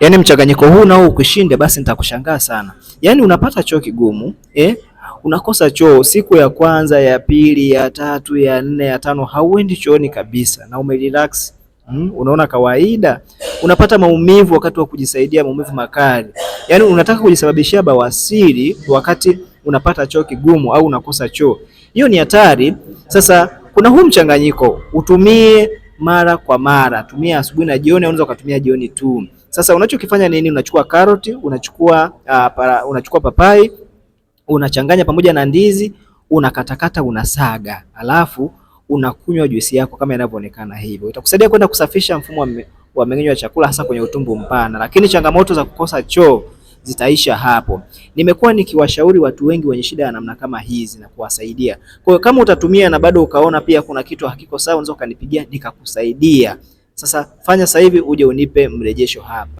Yaani mchanganyiko huu na huu ukishinde, basi nitakushangaa sana. Yaani unapata choo kigumu eh? Unakosa choo siku ya kwanza, ya pili, ya tatu, ya nne, ya tano, hauendi chooni kabisa na umerelax Hmm, unaona kawaida, unapata maumivu wakati wa kujisaidia, maumivu makali. Yaani unataka kujisababishia bawasiri wakati unapata choo kigumu au unakosa choo, hiyo ni hatari. Sasa kuna huu mchanganyiko, utumie mara kwa mara. Tumia asubuhi na jioni, unaweza ukatumia jioni tu. Sasa unachokifanya nini? Unachukua karoti, unachukua uh, para, unachukua papai, unachanganya pamoja na ndizi, unakatakata, unasaga, alafu unakunywa juisi yako kama inavyoonekana hivyo. Itakusaidia kwenda kusafisha mfumo wa mmeng'enyo wa chakula hasa kwenye utumbo mpana. Lakini changamoto za kukosa choo zitaisha hapo. Nimekuwa nikiwashauri watu wengi wenye shida ya namna kama hizi na kuwasaidia. Kwa hiyo kama utatumia na bado ukaona pia kuna kitu hakiko sawa, unaweza ukanipigia nikakusaidia. Sasa fanya sasa hivi uje unipe mrejesho hapa.